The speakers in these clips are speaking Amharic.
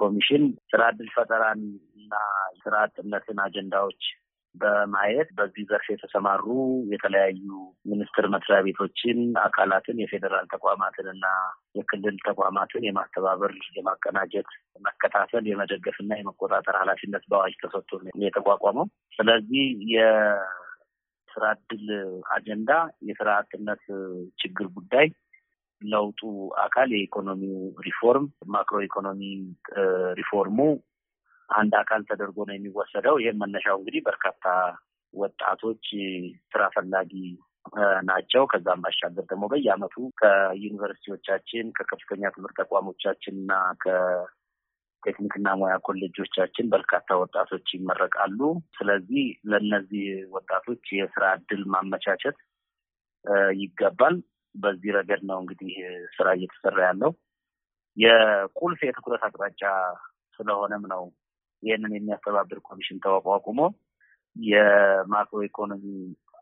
ኮሚሽን ስራ እድል እና ስራ አጥነትን አጀንዳዎች በማየት በዚህ ዘርፍ የተሰማሩ የተለያዩ ሚኒስትር መስሪያ ቤቶችን፣ አካላትን፣ የፌዴራል ተቋማትን እና የክልል ተቋማትን የማስተባበር የማቀናጀት፣ መከታተል፣ የመደገፍና የመቆጣጠር ኃላፊነት በአዋጅ ተሰጥቶ የተቋቋመው። ስለዚህ የስራ እድል አጀንዳ የስራ አጥነት ችግር ጉዳይ ለውጡ አካል የኢኮኖሚው ሪፎርም ማክሮ ኢኮኖሚ ሪፎርሙ አንድ አካል ተደርጎ ነው የሚወሰደው። ይህም መነሻው እንግዲህ በርካታ ወጣቶች ስራ ፈላጊ ናቸው። ከዛም ባሻገር ደግሞ በየአመቱ ከዩኒቨርሲቲዎቻችን ከከፍተኛ ትምህርት ተቋሞቻችን እና ከቴክኒክና ሙያ ኮሌጆቻችን በርካታ ወጣቶች ይመረቃሉ። ስለዚህ ለእነዚህ ወጣቶች የስራ እድል ማመቻቸት ይገባል። በዚህ ረገድ ነው እንግዲህ ስራ እየተሰራ ያለው። የቁልፍ የትኩረት አቅጣጫ ስለሆነም ነው ይህንን የሚያስተባብር ኮሚሽን ተቋቁሞ የማክሮ ኢኮኖሚ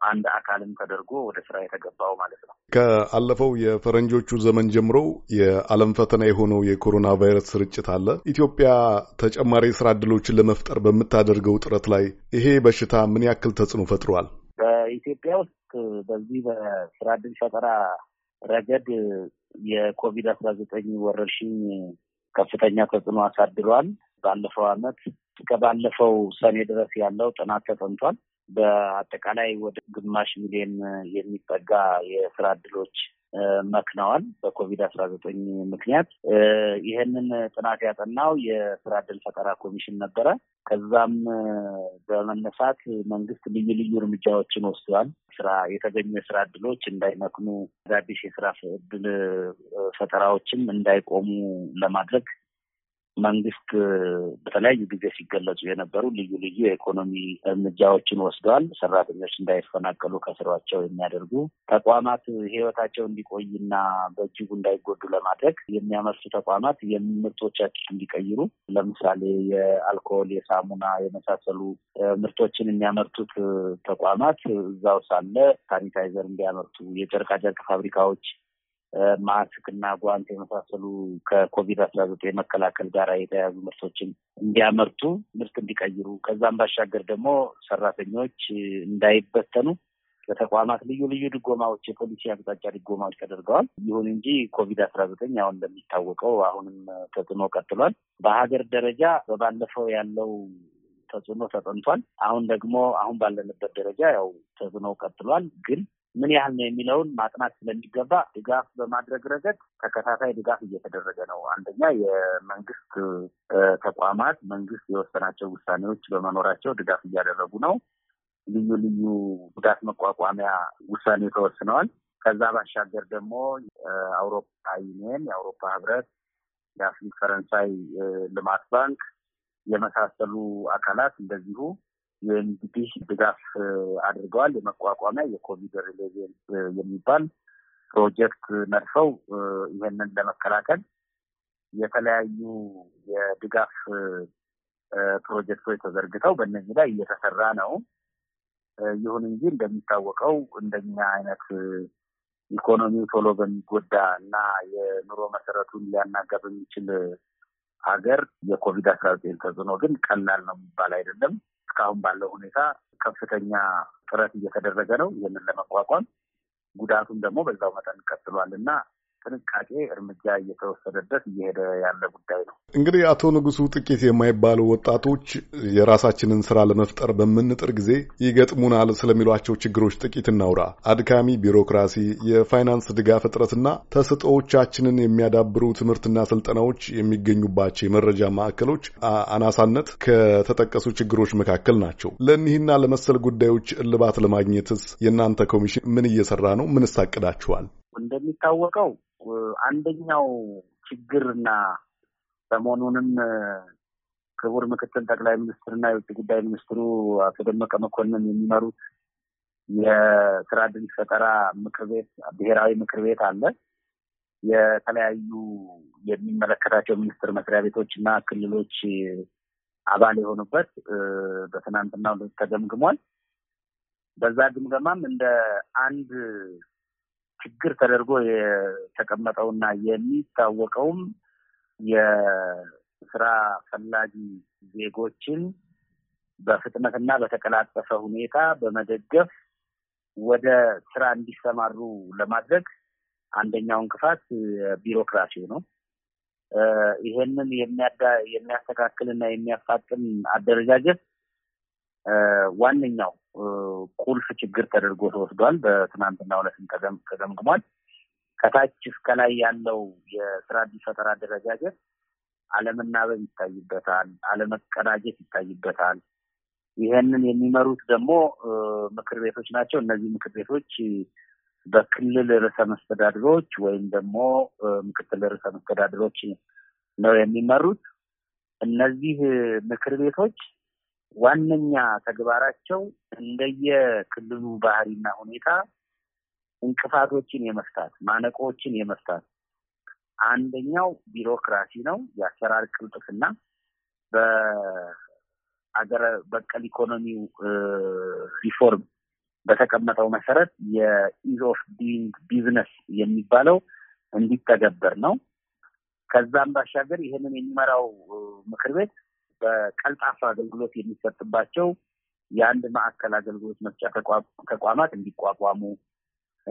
አንድ አካልም ተደርጎ ወደ ስራ የተገባው ማለት ነው። ከአለፈው የፈረንጆቹ ዘመን ጀምሮ የዓለም ፈተና የሆነው የኮሮና ቫይረስ ስርጭት አለ። ኢትዮጵያ ተጨማሪ የስራ እድሎችን ለመፍጠር በምታደርገው ጥረት ላይ ይሄ በሽታ ምን ያክል ተጽዕኖ ፈጥሯል? በኢትዮጵያ ውስጥ በዚህ በስራ እድል ፈጠራ ረገድ የኮቪድ አስራ ዘጠኝ ወረርሽኝ ከፍተኛ ተጽዕኖ አሳድሯል። ባለፈው አመት እስከ ባለፈው ሰኔ ድረስ ያለው ጥናት ተጠንቷል። በአጠቃላይ ወደ ግማሽ ሚሊዮን የሚጠጋ የስራ እድሎች ። መክነዋል። በኮቪድ አስራ ዘጠኝ ምክንያት ይህንን ጥናት ያጠናው የስራ እድል ፈጠራ ኮሚሽን ነበረ። ከዛም በመነሳት መንግስት ልዩ ልዩ እርምጃዎችን ወስዷል። ስራ የተገኙ የስራ እድሎች እንዳይመክኑ፣ አዳዲስ የስራ ድል ፈጠራዎችም እንዳይቆሙ ለማድረግ መንግስት በተለያዩ ጊዜ ሲገለጹ የነበሩ ልዩ ልዩ የኢኮኖሚ እርምጃዎችን ወስደዋል። ሰራተኞች እንዳይፈናቀሉ ከስሯቸው የሚያደርጉ ተቋማት ህይወታቸው እንዲቆይና በእጅጉ እንዳይጎዱ ለማድረግ የሚያመርቱ ተቋማት ምርቶቻቸው እንዲቀይሩ ለምሳሌ የአልኮል፣ የሳሙና የመሳሰሉ ምርቶችን የሚያመርቱት ተቋማት እዛው ሳለ ሳኒታይዘር እንዲያመርቱ የጨርቃጨርቅ ፋብሪካዎች ማስክ እና ጓንት የመሳሰሉ ከኮቪድ አስራ ዘጠኝ የመከላከል ጋር የተያያዙ ምርቶችን እንዲያመርቱ ምርት እንዲቀይሩ ከዛም ባሻገር ደግሞ ሰራተኞች እንዳይበተኑ በተቋማት ልዩ ልዩ ድጎማዎች የፖሊሲ አቅጣጫ ድጎማዎች ተደርገዋል። ይሁን እንጂ ኮቪድ አስራ ዘጠኝ አሁን እንደሚታወቀው አሁንም ተጽዕኖ ቀጥሏል። በሀገር ደረጃ በባለፈው ያለው ተጽዕኖ ተጠንቷል። አሁን ደግሞ አሁን ባለንበት ደረጃ ያው ተጽዕኖ ቀጥሏል ግን ምን ያህል ነው የሚለውን ማጥናት ስለሚገባ ድጋፍ በማድረግ ረገድ ተከታታይ ድጋፍ እየተደረገ ነው። አንደኛ የመንግስት ተቋማት መንግስት የወሰናቸው ውሳኔዎች በመኖራቸው ድጋፍ እያደረጉ ነው። ልዩ ልዩ ጉዳት መቋቋሚያ ውሳኔ ተወስነዋል። ከዛ ባሻገር ደግሞ የአውሮፓ ዩኒየን፣ የአውሮፓ ህብረት፣ የአፍሪክ ፈረንሳይ ልማት ባንክ የመሳሰሉ አካላት እንደዚሁ የእንግዲህ ድጋፍ አድርገዋል። የመቋቋሚያ የኮቪድ ሪሌቪንስ የሚባል ፕሮጀክት መርፈው ይህንን ለመከላከል የተለያዩ የድጋፍ ፕሮጀክቶች ተዘርግተው በእነዚህ ላይ እየተሰራ ነው። ይሁን እንጂ እንደሚታወቀው እንደኛ አይነት ኢኮኖሚው ቶሎ በሚጎዳ እና የኑሮ መሰረቱን ሊያናጋ በሚችል ሀገር የኮቪድ አስራ ዘጠኝ ተጽዕኖ ግን ቀላል ነው የሚባል አይደለም። እስካሁን ባለው ሁኔታ ከፍተኛ ጥረት እየተደረገ ነው ይህንን ለመቋቋም። ጉዳቱም ደግሞ በዛው መጠን ቀጥሏል እና ጥንቃቄ እርምጃ እየተወሰደበት እየሄደ ያለ ጉዳይ ነው። እንግዲህ አቶ ንጉሱ ጥቂት የማይባሉ ወጣቶች የራሳችንን ስራ ለመፍጠር በምንጥር ጊዜ ይገጥሙናል ስለሚሏቸው ችግሮች ጥቂት እናውራ። አድካሚ ቢሮክራሲ፣ የፋይናንስ ድጋፍ እጥረትና ተስጦዎቻችንን የሚያዳብሩ ትምህርትና ስልጠናዎች የሚገኙባቸው የመረጃ ማዕከሎች አናሳነት ከተጠቀሱ ችግሮች መካከል ናቸው። ለእኒህና ለመሰል ጉዳዮች እልባት ለማግኘትስ የእናንተ ኮሚሽን ምን እየሰራ ነው? ምን እሳቅዳችኋል? እንደሚታወቀው አንደኛው ችግርና ሰሞኑንም ክቡር ምክትል ጠቅላይ ሚኒስትርና የውጭ ጉዳይ ሚኒስትሩ አቶ ደመቀ መኮንን የሚመሩት የስራ ድንጅ ፈጠራ ምክር ቤት ብሔራዊ ምክር ቤት አለ። የተለያዩ የሚመለከታቸው ሚኒስትር መስሪያ ቤቶች እና ክልሎች አባል የሆኑበት በትናንትናው ተገምግሟል። በዛ ግምገማም እንደ አንድ ችግር ተደርጎ የተቀመጠውና የሚታወቀውም የስራ ፈላጊ ዜጎችን በፍጥነትና በተቀላጠፈ ሁኔታ በመደገፍ ወደ ስራ እንዲሰማሩ ለማድረግ አንደኛው እንቅፋት ቢሮክራሲው ነው። ይሄንን የሚያስተካክልና የሚያፋጥን አደረጃጀት ዋነኛው ቁልፍ ችግር ተደርጎ ተወስዷል። በትናንትና ሁለትም ተገምግሟል። ከታች እስከ ላይ ያለው የስራ አዲስ ፈጠራ አደረጃጀት አለመናበብ ይታይበታል፣ አለመቀዳጀት ይታይበታል። ይሄንን የሚመሩት ደግሞ ምክር ቤቶች ናቸው። እነዚህ ምክር ቤቶች በክልል ርዕሰ መስተዳድሮች ወይም ደግሞ ምክትል ርዕሰ መስተዳድሮች ነው የሚመሩት። እነዚህ ምክር ቤቶች ዋነኛ ተግባራቸው እንደየክልሉ ባህሪና ሁኔታ እንቅፋቶችን የመፍታት ማነቆዎችን የመፍታት አንደኛው ቢሮክራሲ ነው፣ የአሰራር ቅልጥፍና በአገረ በቀል ኢኮኖሚው ሪፎርም በተቀመጠው መሰረት የኢዝ ኦፍ ዲንግ ቢዝነስ የሚባለው እንዲተገበር ነው። ከዛም ባሻገር ይህንን የሚመራው ምክር ቤት በቀልጣፋ አገልግሎት የሚሰጥባቸው የአንድ ማዕከል አገልግሎት መስጫ ተቋማት እንዲቋቋሙ፣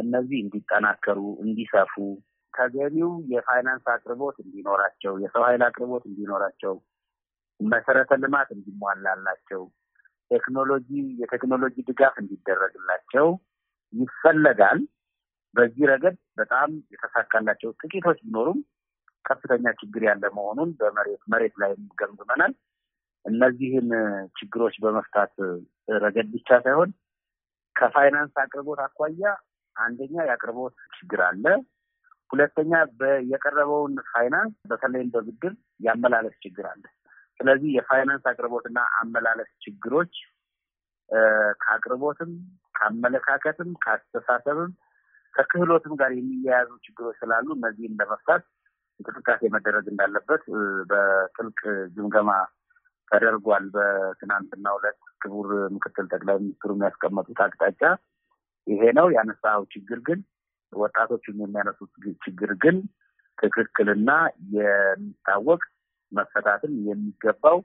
እነዚህ እንዲጠናከሩ፣ እንዲሰፉ፣ ተገቢው የፋይናንስ አቅርቦት እንዲኖራቸው፣ የሰው ኃይል አቅርቦት እንዲኖራቸው፣ መሰረተ ልማት እንዲሟላላቸው፣ ቴክኖሎጂ የቴክኖሎጂ ድጋፍ እንዲደረግላቸው ይፈለጋል። በዚህ ረገድ በጣም የተሳካላቸው ጥቂቶች ቢኖሩም ከፍተኛ ችግር ያለ መሆኑን በመሬት መሬት ላይ ገምግመናል። እነዚህን ችግሮች በመፍታት ረገድ ብቻ ሳይሆን ከፋይናንስ አቅርቦት አኳያ አንደኛ የአቅርቦት ችግር አለ። ሁለተኛ የቀረበውን ፋይናንስ በተለይም በብድር የአመላለስ ችግር አለ። ስለዚህ የፋይናንስ አቅርቦትና አመላለስ ችግሮች ከአቅርቦትም ከአመለካከትም ከአስተሳሰብም ከክህሎትም ጋር የሚያያዙ ችግሮች ስላሉ እነዚህን ለመፍታት እንቅስቃሴ መደረግ እንዳለበት በጥልቅ ግምገማ ተደርጓል። በትናንትናው ዕለት ክቡር ምክትል ጠቅላይ ሚኒስትሩ የሚያስቀመጡት አቅጣጫ ይሄ ነው። ያነሳው ችግር ግን ወጣቶች የሚያነሱት ችግር ግን ትክክልና የሚታወቅ መፈታትም የሚገባው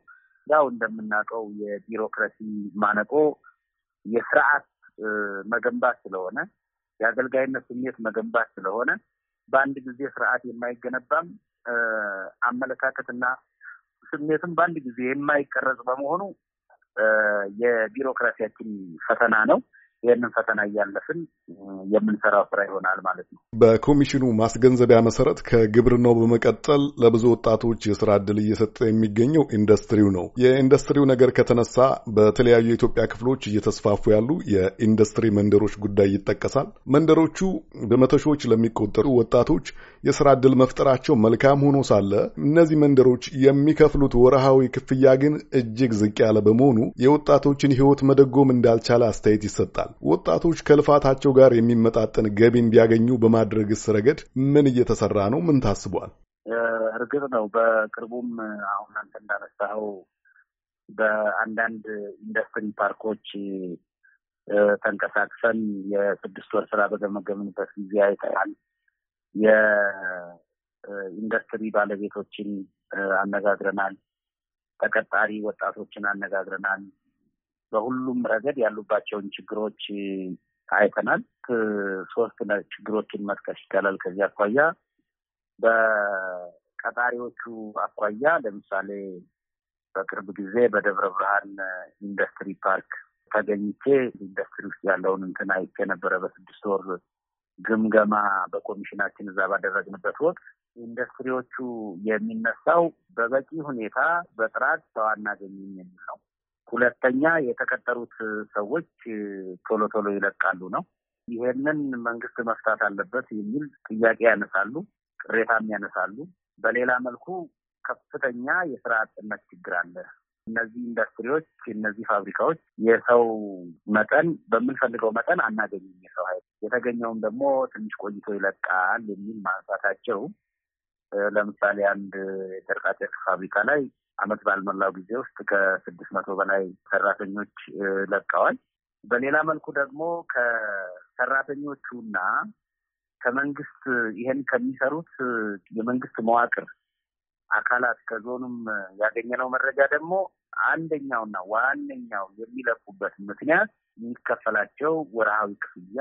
ያው እንደምናውቀው የቢሮክራሲ ማነቆ የስርዓት መገንባት ስለሆነ የአገልጋይነት ስሜት መገንባት ስለሆነ በአንድ ጊዜ ስርዓት የማይገነባም አመለካከትና ስሜትም በአንድ ጊዜ የማይቀረጽ በመሆኑ የቢሮክራሲያችን ፈተና ነው። ይህንን ፈተና እያለፍን የምንሰራው ስራ ይሆናል ማለት ነው። በኮሚሽኑ ማስገንዘቢያ መሰረት ከግብርናው በመቀጠል ለብዙ ወጣቶች የስራ እድል እየሰጠ የሚገኘው ኢንዱስትሪው ነው። የኢንዱስትሪው ነገር ከተነሳ በተለያዩ የኢትዮጵያ ክፍሎች እየተስፋፉ ያሉ የኢንዱስትሪ መንደሮች ጉዳይ ይጠቀሳል። መንደሮቹ በመቶ ሺዎች ለሚቆጠሩ ወጣቶች የስራ እድል መፍጠራቸው መልካም ሆኖ ሳለ እነዚህ መንደሮች የሚከፍሉት ወርሃዊ ክፍያ ግን እጅግ ዝቅ ያለ በመሆኑ የወጣቶችን ሕይወት መደጎም እንዳልቻለ አስተያየት ይሰጣል። ይላል። ወጣቶች ከልፋታቸው ጋር የሚመጣጠን ገቢ ቢያገኙ በማድረግስ ረገድ ምን እየተሰራ ነው? ምን ታስቧል? እርግጥ ነው በቅርቡም አሁን አንተ እንዳነሳኸው በአንዳንድ ኢንዱስትሪ ፓርኮች ተንቀሳቅሰን የስድስት ወር ስራ በገመገምንበት ጊዜ አይተናል። የኢንዱስትሪ ባለቤቶችን አነጋግረናል። ተቀጣሪ ወጣቶችን አነጋግረናል። በሁሉም ረገድ ያሉባቸውን ችግሮች አይተናል። ሶስት ችግሮችን መጥቀስ ይቻላል። ከዚህ አኳያ በቀጣሪዎቹ አኳያ ለምሳሌ በቅርብ ጊዜ በደብረ ብርሃን ኢንዱስትሪ ፓርክ ተገኝቼ ኢንዱስትሪ ውስጥ ያለውን እንትን አይቼ ነበረ። በስድስት ወር ግምገማ በኮሚሽናችን እዛ ባደረግንበት ወቅት ኢንዱስትሪዎቹ የሚነሳው በበቂ ሁኔታ በጥራት ሰው አናገኝም የሚል ነው። ሁለተኛ የተቀጠሩት ሰዎች ቶሎ ቶሎ ይለቃሉ ነው። ይሄንን መንግስት መፍታት አለበት የሚል ጥያቄ ያነሳሉ፣ ቅሬታም ያነሳሉ። በሌላ መልኩ ከፍተኛ የስራ አጥነት ችግር አለ። እነዚህ ኢንዱስትሪዎች፣ እነዚህ ፋብሪካዎች የሰው መጠን በምንፈልገው መጠን አናገኝም። የሰው ኃይል የተገኘውም ደግሞ ትንሽ ቆይቶ ይለቃል የሚል ማንሳታቸው ለምሳሌ አንድ የጨርቃጨርቅ ፋብሪካ ላይ አመት ባልሞላው ጊዜ ውስጥ ከስድስት መቶ በላይ ሰራተኞች ለቀዋል። በሌላ መልኩ ደግሞ ከሰራተኞቹና ከመንግስት ይሄን ከሚሰሩት የመንግስት መዋቅር አካላት ከዞኑም ያገኘነው መረጃ ደግሞ አንደኛውና ዋነኛው የሚለቁበት ምክንያት የሚከፈላቸው ወርሃዊ ክፍያ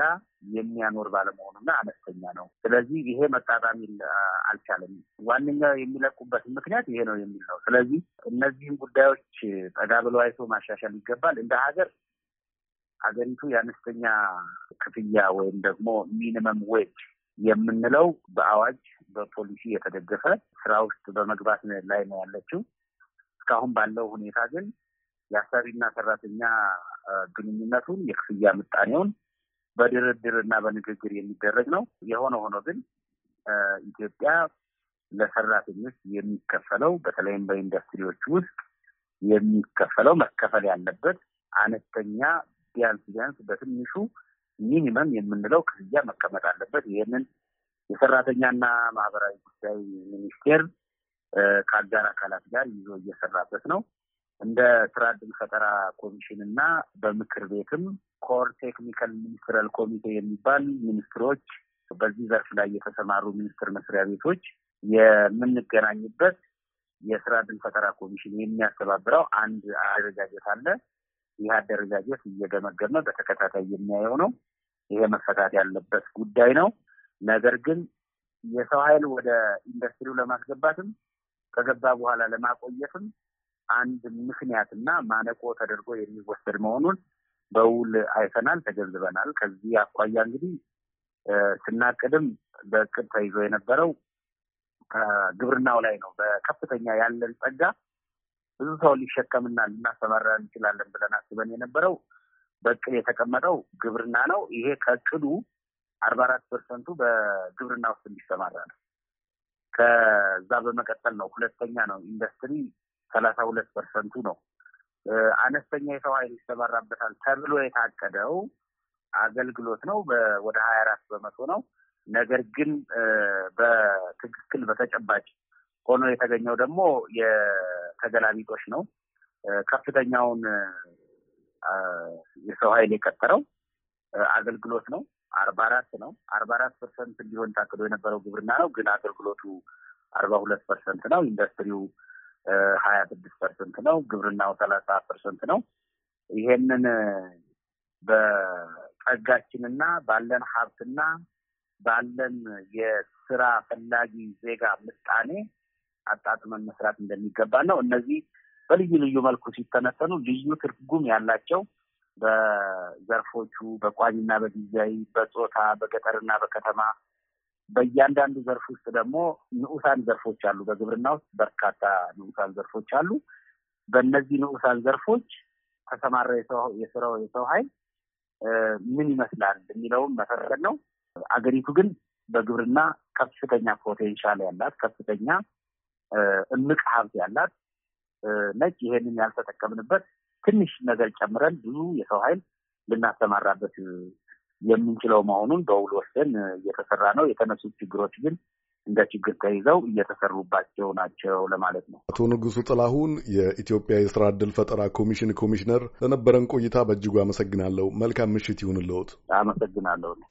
የሚያኖር ባለመሆኑና አነስተኛ ነው። ስለዚህ ይሄ መጣጣም አልቻለም። ዋነኛው የሚለቁበት ምክንያት ይሄ ነው የሚል ነው። ስለዚህ እነዚህም ጉዳዮች ጠጋ ብሎ አይቶ ማሻሻል ይገባል። እንደ ሀገር ሀገሪቱ የአነስተኛ ክፍያ ወይም ደግሞ ሚኒመም ዌጅ የምንለው በአዋጅ በፖሊሲ የተደገፈ ስራ ውስጥ በመግባት ላይ ነው ያለችው። እስካሁን ባለው ሁኔታ ግን የአሰሪና ሰራተኛ ግንኙነቱን የክፍያ ምጣኔውን በድርድር እና በንግግር የሚደረግ ነው። የሆነ ሆኖ ግን ኢትዮጵያ ለሰራተኞች የሚከፈለው በተለይም በኢንዱስትሪዎች ውስጥ የሚከፈለው መከፈል ያለበት አነስተኛ ቢያንስ ቢያንስ በትንሹ ሚኒመም የምንለው ክፍያ መቀመጥ አለበት። ይህንን የሰራተኛና ማህበራዊ ጉዳይ ሚኒስቴር ከአጋር አካላት ጋር ይዞ እየሰራበት ነው። እንደ ስራ እድል ፈጠራ ኮሚሽን እና በምክር ቤትም ኮር ቴክኒካል ሚኒስትራል ኮሚቴ የሚባል ሚኒስትሮች በዚህ ዘርፍ ላይ የተሰማሩ ሚኒስትር መስሪያ ቤቶች የምንገናኝበት የስራ ዕድል ፈጠራ ኮሚሽን የሚያስተባብረው አንድ አደረጃጀት አለ። ይህ አደረጃጀት እየገመገመ በተከታታይ የሚያየው ነው። ይሄ መፈታት ያለበት ጉዳይ ነው። ነገር ግን የሰው ኃይል ወደ ኢንዱስትሪው ለማስገባትም ከገባ በኋላ ለማቆየትም አንድ ምክንያትና ማነቆ ተደርጎ የሚወሰድ መሆኑን በውል አይተናል፣ ተገንዝበናል። ከዚህ አኳያ እንግዲህ ስናቅድም በእቅድ ተይዞ የነበረው ግብርናው ላይ ነው። በከፍተኛ ያለን ጸጋ ብዙ ሰው ሊሸከምና ልናሰማራ እንችላለን ብለን አስበን የነበረው በእቅድ የተቀመጠው ግብርና ነው። ይሄ ከእቅዱ አርባ አራት ፐርሰንቱ በግብርና ውስጥ እንዲሰማራ ነው። ከዛ በመቀጠል ነው ሁለተኛ ነው ኢንዱስትሪ ሰላሳ ሁለት ፐርሰንቱ ነው። አነስተኛ የሰው ኃይል ይሰማራበታል ተብሎ የታቀደው አገልግሎት ነው ወደ ሀያ አራት በመቶ ነው። ነገር ግን በትክክል በተጨባጭ ሆኖ የተገኘው ደግሞ የተገላቢጦች ነው። ከፍተኛውን የሰው ኃይል የቀጠረው አገልግሎት ነው። አርባ አራት ነው። አርባ አራት ፐርሰንት እንዲሆን ታቅዶ የነበረው ግብርና ነው። ግን አገልግሎቱ አርባ ሁለት ፐርሰንት ነው። ኢንዱስትሪው ፐርሰንት ነው፣ ግብርናው ሰላሳ ፐርሰንት ነው። ይሄንን በጸጋችንና ባለን ሀብትና ባለን የስራ ፈላጊ ዜጋ ምጣኔ አጣጥመን መስራት እንደሚገባ ነው። እነዚህ በልዩ ልዩ መልኩ ሲተነተኑ ልዩ ትርጉም ያላቸው በዘርፎቹ በቋሚና በጊዜያዊ በጾታ በገጠርና በከተማ በእያንዳንዱ ዘርፍ ውስጥ ደግሞ ንዑሳን ዘርፎች አሉ። በግብርና ውስጥ በርካታ ንዑሳን ዘርፎች አሉ። በእነዚህ ንዑሳን ዘርፎች ተሰማራ የስራው የሰው ኃይል ምን ይመስላል የሚለውን መፈረግ ነው። አገሪቱ ግን በግብርና ከፍተኛ ፖቴንሻል ያላት ከፍተኛ እምቅ ሀብት ያላት ነች። ይሄንን ያልተጠቀምንበት ትንሽ ነገር ጨምረን ብዙ የሰው ኃይል ልናሰማራበት የምንችለው መሆኑን በውል ወስደን እየተሰራ ነው። የተነሱት ችግሮች ግን እንደ ችግር ተይዘው እየተሰሩባቸው ናቸው ለማለት ነው። አቶ ንጉሱ ጥላሁን የኢትዮጵያ የስራ እድል ፈጠራ ኮሚሽን ኮሚሽነር፣ ለነበረን ቆይታ በእጅጉ አመሰግናለሁ። መልካም ምሽት ይሁንልዎት። አመሰግናለሁ።